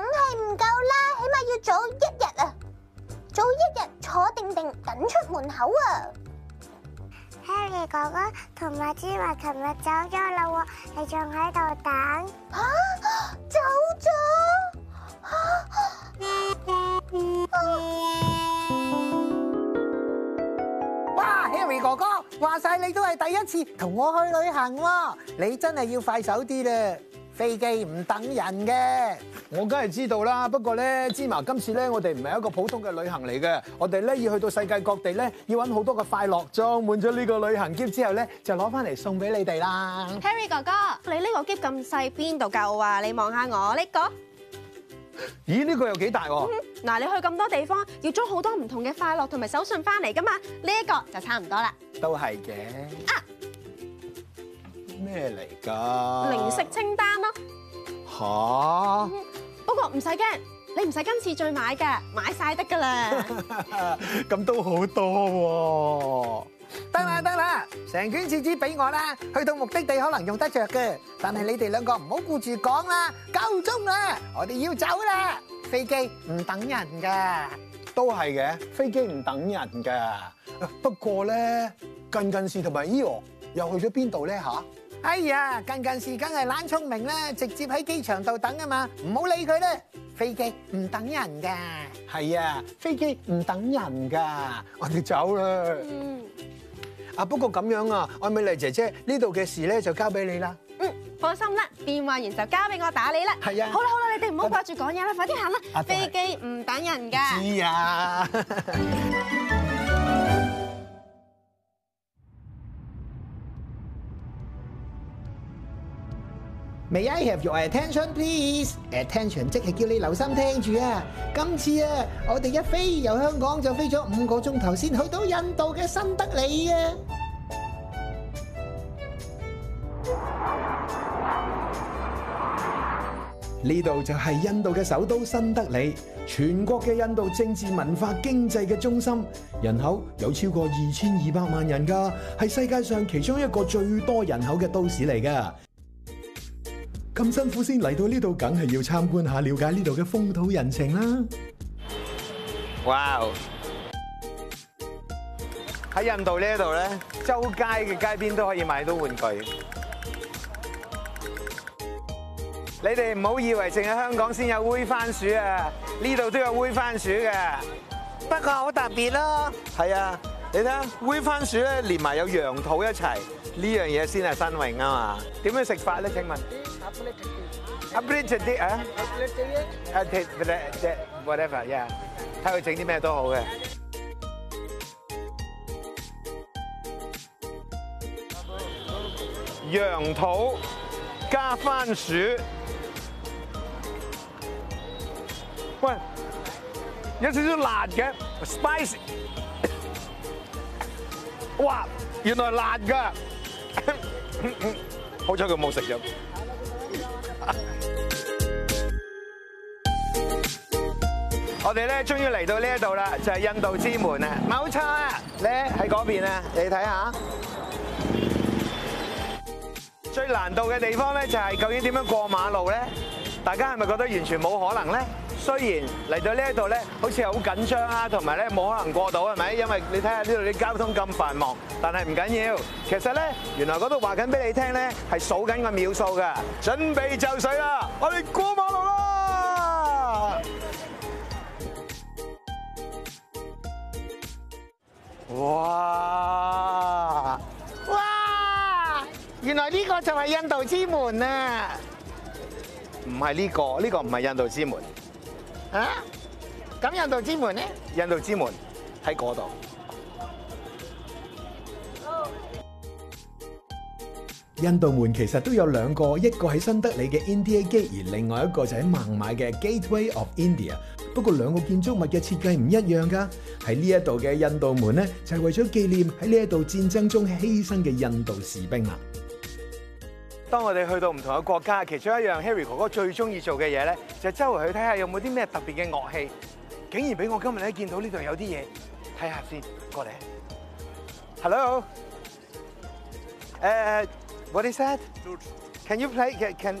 梗係唔夠啦，起碼要早一日啊！早一日坐定定等出門口啊！Harry 哥哥同埋芝麻琴日走咗啦，你仲喺度等？吓，走咗？哇，Harry 哥哥，話晒你都係第一次同我去旅行，你真係要快手啲啦！飛機唔等人嘅，我梗係知道啦。不過咧，芝麻今次咧，我哋唔係一個普通嘅旅行嚟嘅，我哋咧要去到世界各地咧，要揾好多嘅快樂，裝滿咗呢個旅行篋之後咧，就攞翻嚟送俾你哋啦。Harry 哥哥，你呢個篋咁細，邊度夠啊？你望下我呢個，咦？呢個又幾大喎？嗱，你去咁多地方，要裝好多唔同嘅快樂同埋手信翻嚟噶嘛？呢一個就差唔多啦。都係嘅啊。咩嚟噶？零食清單咯。吓！不過唔使驚，你唔使今次再買噶，買晒得噶啦。咁都好多喎。得啦得啦，成卷廁紙俾我啦。去到目的地可能用得着嘅，但係你哋兩個唔好顧住講啦，夠鐘啦，我哋要走啦。飛機唔等人噶。都係嘅，飛機唔等人噶。不過咧，近近視同埋 Eo 又去咗邊度咧？吓！哎呀，近近時間係懶聰明啦，直接喺機場度等啊嘛，唔好理佢咧。飛機唔等人㗎。係啊，飛機唔等人㗎。我哋走啦。嗯。啊，不過咁樣啊，愛美麗姐姐呢度嘅事咧就交俾你啦。嗯，放心啦，電話完就交俾我打你啦。係啊。好啦好啦，你哋唔好掛住講嘢啦，那快啲行啦。飛機唔等人㗎。知啊。 May I have your attention, please? Attention 即係叫你留心聽住啊！今次啊，我哋一飛由香港就飛咗五個鐘頭先去到印度嘅新德里啊！呢度就係印度嘅首都新德里，全國嘅印度政治、文化、經濟嘅中心，人口有超過二千二百萬人噶，係世界上其中一個最多人口嘅都市嚟噶。咁辛苦先嚟到呢度，梗係要參觀下，瞭解呢度嘅風土人情啦。哇！喺印度呢一度咧，周街嘅街邊都可以買到玩具。你哋唔好以為淨係香港先有煨番薯啊，呢度都有煨番薯嘅，不過好特別咯。係啊，你睇下煨番薯咧，連埋有羊肚一齊，呢樣嘢先係新穎啊嘛。點樣食法咧？請問？唔理點，我唔理著啲啊。唔理點，我唔理。啊，即係唔理即係，whatever，yeah。睇佢整啲咩都好嘅。羊肚加番薯，喂，有少少辣嘅，spicy。哇，原來辣㗎，好彩佢冇食咗。我哋咧，終於嚟到呢一度啦，就係印度之門啊！冇錯啊，你喺嗰邊啊，你睇下。最難度嘅地方咧，就係究竟點樣過馬路咧？大家係咪覺得完全冇可能咧？雖然嚟到呢一度咧，好似係好緊張啊，同埋咧冇可能過到係咪？因為你睇下呢度啲交通咁繁忙，但係唔緊要。其實咧，原來嗰度話緊俾你聽咧，係數緊個秒數㗎，準備就水啦！我哋過馬路啦！哇哇！原來呢個就係印度之門啊！唔係呢個，呢、呢個唔係印度之門啊！咁印度之門咧？印度之門喺嗰度。印度門其實都有兩個，一個喺新德里嘅 India Gate，而另外一個就喺孟買嘅 Gateway of India。不過兩個建築物嘅設計唔一樣噶，喺呢一度嘅印度門咧就係為咗紀念喺呢一度戰爭中犧牲嘅印度士兵啊！當我哋去到唔同嘅國家，其中一樣 Harry 哥哥最中意做嘅嘢咧，就周圍去睇下有冇啲咩特別嘅樂器。竟然俾我今日咧見到呢度有啲嘢，睇下先，過嚟。Hello，誒，What is that？Can you play？Can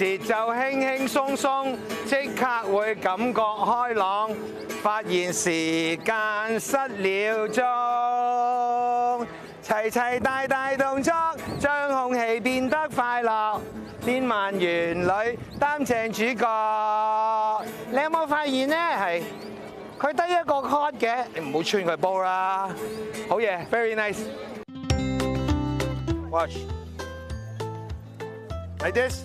節奏輕輕鬆鬆，即刻會感覺開朗，發現時間失了蹤，齊齊大大動作，將空氣變得快樂，變幻園裏擔正主角。你有冇發現呢？係，佢得一個 card 嘅，你唔好穿佢煲啦。好嘢，very nice。Watch like this.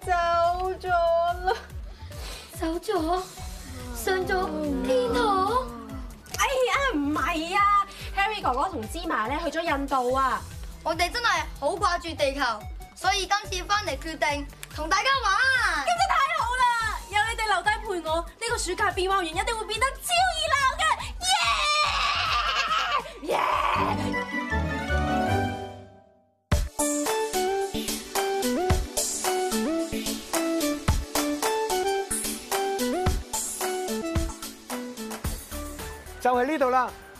走咗啦，走咗，上咗天堂。哎呀，唔係啊，Harry 哥哥同芝麻咧，去咗印度啊！我哋真係好掛住地球，所以今次翻嚟決定同大家玩，真係太好啦！有你哋留低陪我，呢個暑假變幻園一定會變得超熱鬧嘅，耶耶！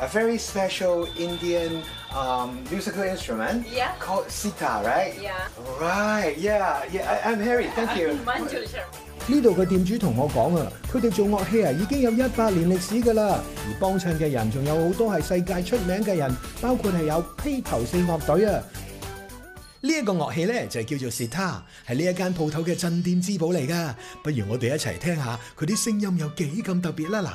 A very special Indian musical instrument，叫 sitar，right？Right，yeah，yeah。I'm Harry，thank you。呢度嘅店主同我講啊，佢哋做樂器啊已經有一百年歷史㗎啦。而幫襯嘅人仲有好多係世界出名嘅人，包括係有披頭四樂隊啊。呢一個樂器咧就叫做 sitar，係呢一間鋪頭嘅鎮店之寶嚟㗎。不如我哋一齊聽下佢啲聲音有幾咁特別啦嗱。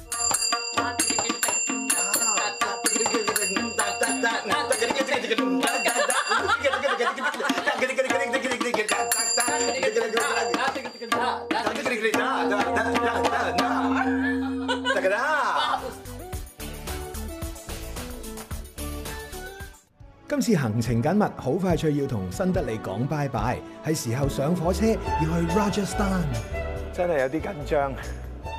今次行程緊密，好快脆要同新德里講拜拜。係時候上火車，要去 Rajasthan 啦！真係有啲緊張。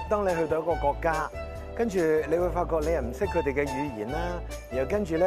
當你去到一個國家，跟住你會發覺你又唔識佢哋嘅語言啦，然後跟住呢。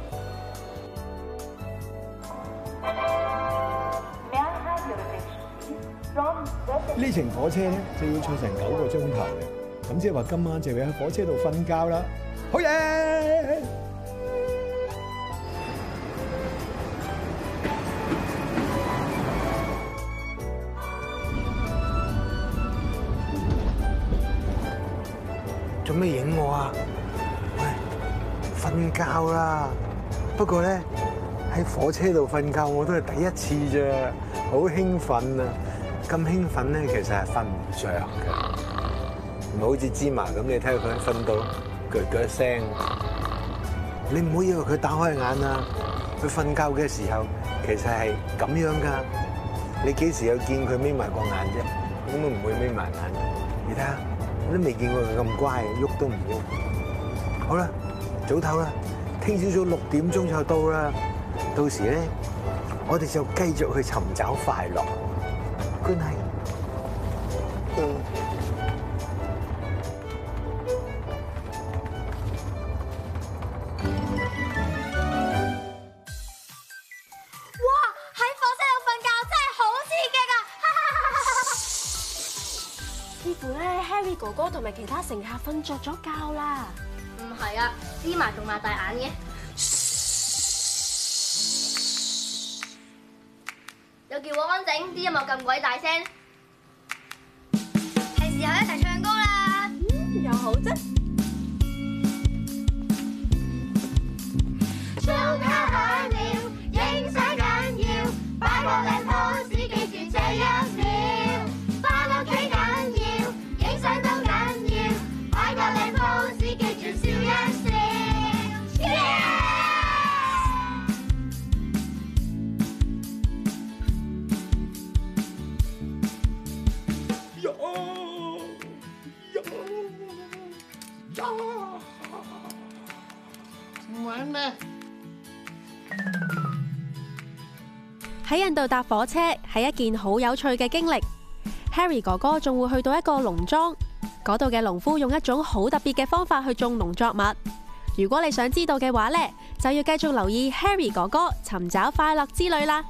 呢程火車咧就要坐成九個鐘頭嘅，咁即係話今晚就要喺火車度瞓覺啦。好嘢！做咩影我啊？喂，瞓覺啦。不過咧喺火車度瞓覺我都係第一次啫，好興奮啊！咁興奮咧，其實係瞓唔着嘅，唔係好似芝麻咁嘅。你睇下佢瞓到鋸腳聲，你唔好以為佢打開眼啊！佢瞓覺嘅時候其實係咁樣噶，你幾時有見佢眯埋個眼啫？咁都唔會眯埋眼。你睇下，我都未見過佢咁乖，喐都唔喐。好啦，早唞啦，聽朝早六點鐘就到啦。到時咧，我哋就繼續去尋找快樂。Good night！哇！喺火車度瞓覺真係好刺激啊！似乎咧，Harry 哥哥同埋其他乘客瞓着咗覺啦。唔係啊，眯埋仲擘大眼嘅。啲音樂咁鬼大聲，係時候一齊唱歌啦！又好啫。喺印度搭火車係一件好有趣嘅經歷。Harry 哥哥仲會去到一個農莊，嗰度嘅農夫用一種好特別嘅方法去種農作物。如果你想知道嘅話呢，就要繼續留意 Harry 哥哥尋找快樂之旅啦。